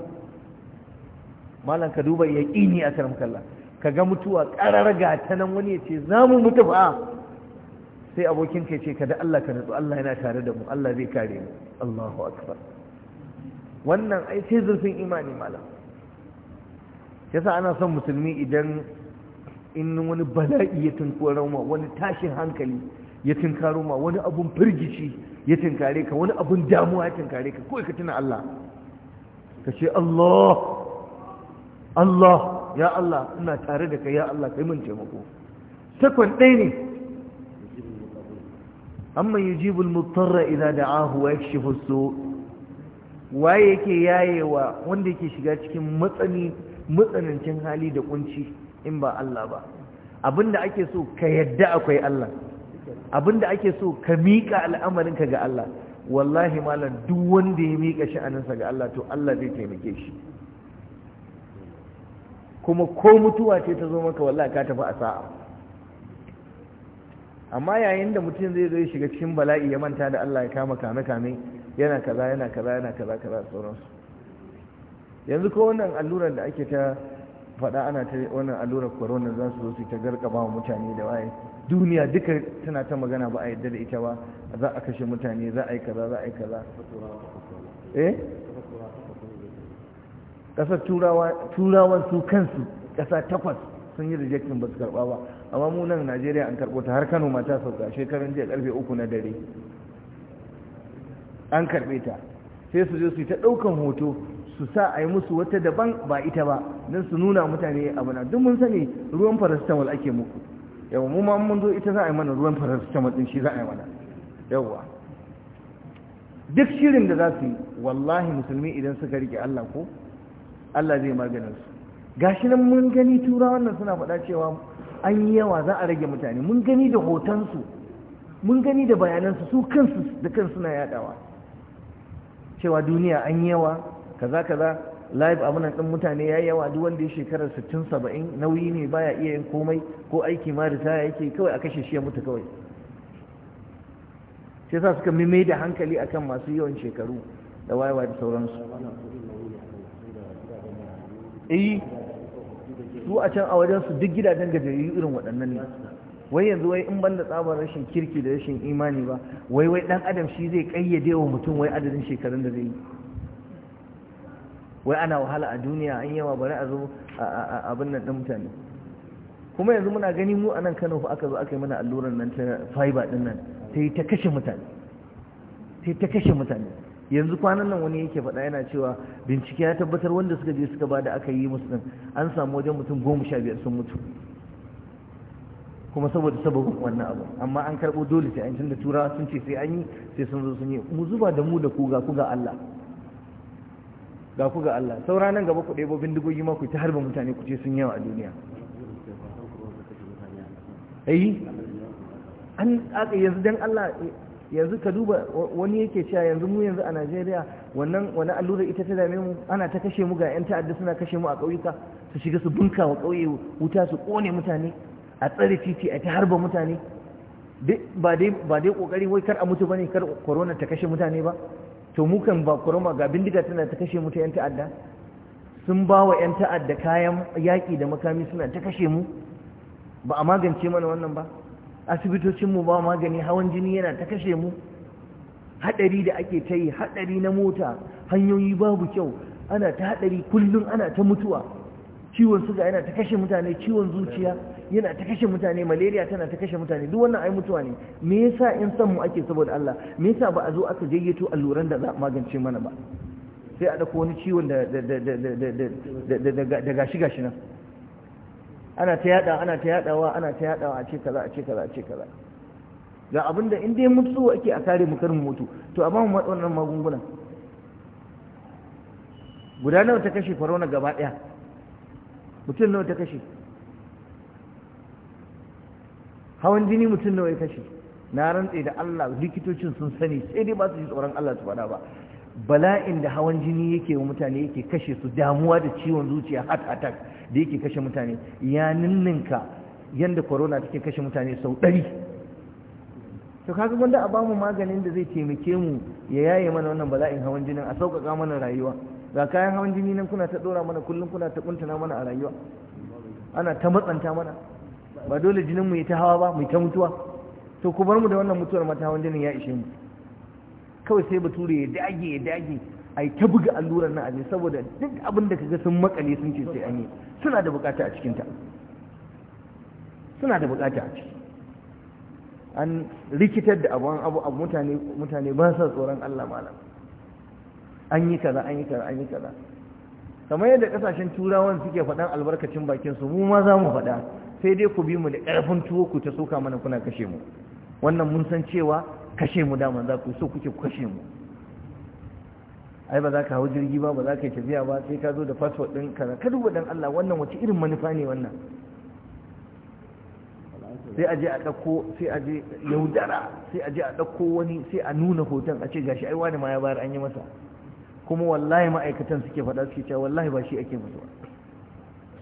malam ka duba yaqini a karam kallah ka ga mutuwa ƙarar gata nan wani ya ce za mu mutu ba sai abokin ka ce ka da Allah ka nutsu Allah yana tare da mu Allah zai kare mu Allahu akbar wannan ai sai zurfin imani malam yasa ana son musulmi idan in wani bala'i ya tunkaro ma wani tashin hankali ya tunkaro ma wani abun firgici ya tunkare ka wani abun damuwa ya tunkare ka kawai ka tuna Allah ka ce Allah Allah ya Allah ina tare da kai ya Allah kai mun taimako takwan ɗaya ne amma yujibu al idan idza da'ahu wa yakshifu as-su waye yake yayewa wanda yake shiga cikin matsani matsanancin hali da kunci in ba Allah ba abinda ake so ka yadda akwai Allah abinda ake so ka miƙa al'amarinka ga Allah wallahi malam duk wanda ya miƙa sha'aninsa ga Allah to Allah zai taimake shi kuma ko mutuwa ce ta zo maka wallahi ka tafi a sa'a amma yayin da mutum zai zo shiga cikin bala'i ya manta da Allah ya kama kame kame yana kaza yana kaza yana kaza kaza sauransu yanzu ko wannan allurar da ake ta faɗa ana ta wannan allurar corona za su zo su ta garkaba wa mutane da waye duniya duka tana ta magana ba a yadda da ita ba za a kashe mutane za a yi kaza za a yi kaza eh ƙasar turawan su kansu ƙasa takwas sun yi rejectin ba su karɓa ba amma mu nan najeriya an karɓo ta har kano mata sauka shekaran jiya karfe uku na dare an karɓe ta sai su je su yi ta ɗaukan hoto su sa a yi musu wata daban ba ita ba don su nuna mutane abu na duk mun sani ruwan farasitamol ake muku yawa mu ma mun zo ita za a yi mana ruwan farasitamol din shi za a yi mana yawa duk shirin da za su yi wallahi musulmi idan suka rike Allah ko Allah zai maganin su gashi nan mun gani tura wannan suna faɗa cewa an yi yawa za a rage mutane mun gani da hotonsu mun gani da bayanansu su kansu da kansu na yadawa cewa duniya an yi yawa kaza kaza live nan ɗin mutane yayi yawa duk wanda ya shekarar 60-70 nauyi ne baya iya yin komai ko aiki ma da ritaya yake kawai a kashe shi ya mutu kawai sai sa suka mai da hankali akan masu yawan shekaru da wayewa da sauransu yi eh, su a can a wajen su duk gidajen gajeri irin waɗannan ne wai yanzu wai in ban da tsabar rashin kirki da rashin imani ba wai wai dan adam shi zai ƙayyade wa mutum wai adadin shekarun da zai yi wai ana wahala a duniya an yawa bari a zo abin nan ɗin mutane kuma yanzu muna gani mu a nan kano fa aka zo aka yi mana allurar nan ta fiber ɗin nan ta yi ta kashe mutane ta yi ta kashe mutane yanzu kwanan nan wani yake faɗa yana cewa bincike ya tabbatar wanda suka je suka bada aka yi musu din an samu wajen mutum goma sha biyar sun mutu kuma saboda sababin wannan abu amma an karɓo dole sai an tunda turawa sun ce sai an yi sai sun zo sun yi mu zuba da mu da ku ga ku ga Allah ga ku ga Allah saura nan gaba ku ɗebo bindigogi ma ku ta harba mutane ku ce sun yawa a duniya ai eh? an yanzu dan Allah yanzu ka duba wani yake cewa yanzu mu yanzu a Najeriya wannan wani allura ita ta dame mu ana ta kashe mu ga yan ta'adda suna kashe mu a ƙauyuka su shiga su bunka wa ƙauye wuta su ƙone mutane a tsare titi a ta harba mutane ba dai ba dai kokari wai kar a mutu bane kar corona ta kashe mutane ba to mu kan ba corona ga bindiga tana ta kashe mu ta yan ta'adda sun ba wa yan ta'adda kayan yaƙi da makami suna ta kashe mu ba a magance mana wannan ba asibitocinmu ba magani hawan jini yana ta kashe mu haɗari da ake ta yi haɗari na mota hanyoyi babu kyau ana ta haɗari kullum ana ta mutuwa ciwon suga yana ta kashe mutane ciwon zuciya yana ta kashe mutane malaria tana ta kashe mutane duk wannan ai mutuwa ne me yasa in san mu ake saboda Allah me yasa ba a zo aka gayyato alluran da za magance mana ba sai a dauko wani ciwon da da da da da da gashi gashi nan ana ta yada ana ta yadawa ana ta yadawa a ce kaza a ce kaza a ce kaza ga abinda in dai mutu ake a kare mu kar mu mutu to a mu matsa wannan magungunan guda nawa ta kashe farona gaba daya mutum nawa ta kashe hawan jini mutum nawa ya kashe na rantse da Allah likitocin sun sani sai dai ba su ji tsoron Allah su faɗa ba bala'in da hawan jini yake wa mutane yake kashe su damuwa da ciwon zuciya heart attack da yake kashe mutane ya ninninka yadda corona take kashe mutane sau ɗari to kaga gwanda a bamu maganin da zai taimake mu ya yaye mana wannan bala'in hawan jinin a sauƙaƙa mana rayuwa ga kayan hawan jini nan kuna ta ɗora mana kullum kuna ta ƙuntuna mana a rayuwa ana ta matsanta mana ba dole jinin mu ya ta hawa ba mu ta mutuwa to ku bar mu da wannan mutuwar mata hawan jinin ya ishe mu kawai sai bature ya dage ya dage a yi ta buga allurar na aje saboda duk abin da kaga sun makale sun ce sai an yi suna da bukata a cikinta suna da bukata a ciki an rikitar da abu abu abu mutane mutane ba sa tsoron Allah malam an yi kaza an yi kaza an yi kaza kamar yadda kasashen turawan suke faɗan albarkacin bakin su mu ma za mu faɗa sai dai ku bi mu da ƙarfin tuwo ku ta soka mana kuna kashe mu wannan mun san cewa kashe mu daman za ku so kuke kashe mu ai ba za ka hau jirgi ba ba za ka yi tafiya ba sai ka zo da fasfot ɗin kaza ka duba dan Allah wannan wace irin manufa ne wannan sai a je a ɗauko sai a je yaudara sai a je a ɗauko wani sai a nuna hoton a ce gashi ai wani ma ya bayar an yi masa kuma wallahi ma'aikatan suke faɗa suke cewa wallahi ba shi ake musu ba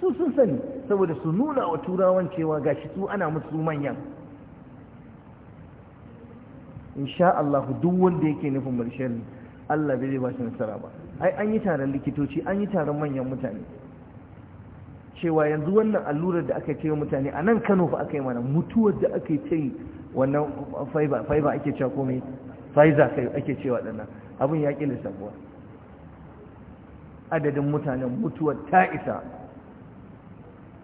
su sun sani saboda su nuna wa turawan cewa gashi su ana musu manyan insha Allah duk wanda yake nufin mu Allah bai ba shi nasara ba ai an yi taron likitoci an yi taron manyan mutane cewa yanzu wannan allurar da aka ce mutane a nan Kano fa aka yi mana mutuwar da aka ce wannan fiber fiber ake cewa komai Pfizer kai ake cewa nan abin ya kila sabuwa adadin mutanen mutuwar ta isa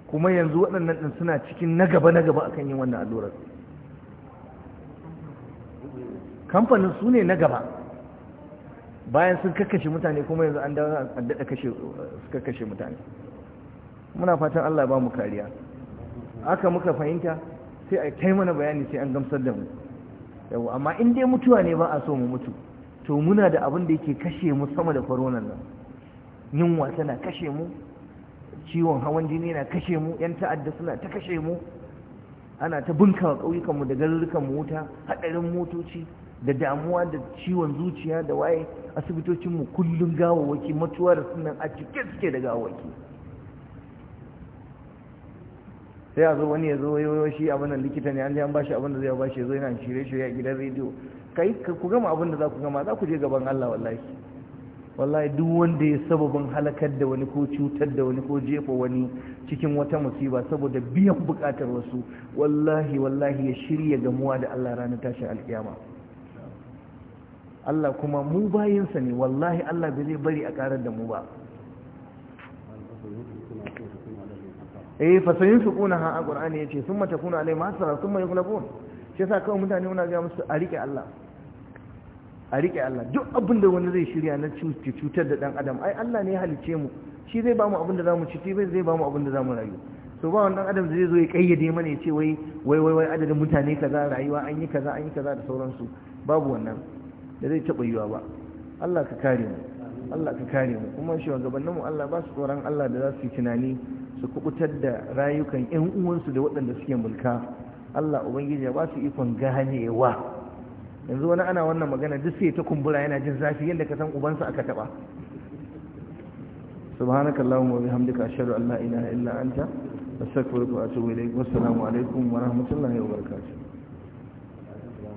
kuma yanzu waɗannan ɗin suna cikin na gaba na gaba akan yin wannan allurar kamfanin su ne na gaba bayan sun kakkashe mutane kuma yanzu an dawo a daɗa kashe su kakkashe mutane muna fatan Allah ba mu kariya aka muka fahimta sai a kai mana bayani sai an gamsar da mu yau amma in dai mutuwa ne ba a so mu mutu to muna da abin da yake kashe mu sama da koronan nan yunwa tana kashe mu ciwon hawan jini na kashe mu yan ta'adda suna ta kashe mu ana ta bunkawa ƙauyukanmu da garurrukan wuta haɗarin motoci da damuwa da ciwon zuciya da waye asibitocinmu kullum gawawaki mutuwa da sunan a cike suke da gawawaki sai a zo wani ya zo yoyo shi abin da likita ne an je an bashi abin da zai bashi ya zo yana shirye shirye a gidan rediyo kai ku gama abin da za ku gama za ku je gaban Allah wallahi wallahi duk wanda ya sababin halakar da wani ko cutar da wani ko jefa wani cikin wata musiba saboda biyan bukatar wasu wallahi wallahi ya shirya gamuwa da Allah ranar tashin alkiyama Allah kuma mu bayinsa ne wallahi Allah bai zai bari a karar da mu ba eh fasayin su kuna ha alqur'ani yace summa takunu alai masara summa yughlabun shi yasa kawai mutane muna ga musu a rike Allah a rike Allah duk abin da wani zai shirya na cutar da dan adam ai Allah ne ya halice mu shi zai ba mu abin da zamu ci shi zai ba abin da zamu rayu to ba wannan adam zai zo ya kayyade mana ya ce wai wai wai adadin mutane kaza rayuwa an yi kaza an yi kaza da sauransu babu wannan da zai taɓa yiwa ba Allah ka kare mu Allah ka kare mu kuma shugabanninmu Allah ba su tsoron Allah da za su yi tunani su kubutar da rayukan ƴan uwansu da waɗanda suke mulka Allah ubangiji ya ba su ikon ganewa yanzu wani ana wannan magana duk sai ta kumbura yana jin zafi yadda ka san ubansa aka taɓa subhanakallahumma wa bihamdika ashhadu an la ilaha illa anta astaghfiruka wa atubu ilayk wassalamu alaikum wa rahmatullahi wa barakatuh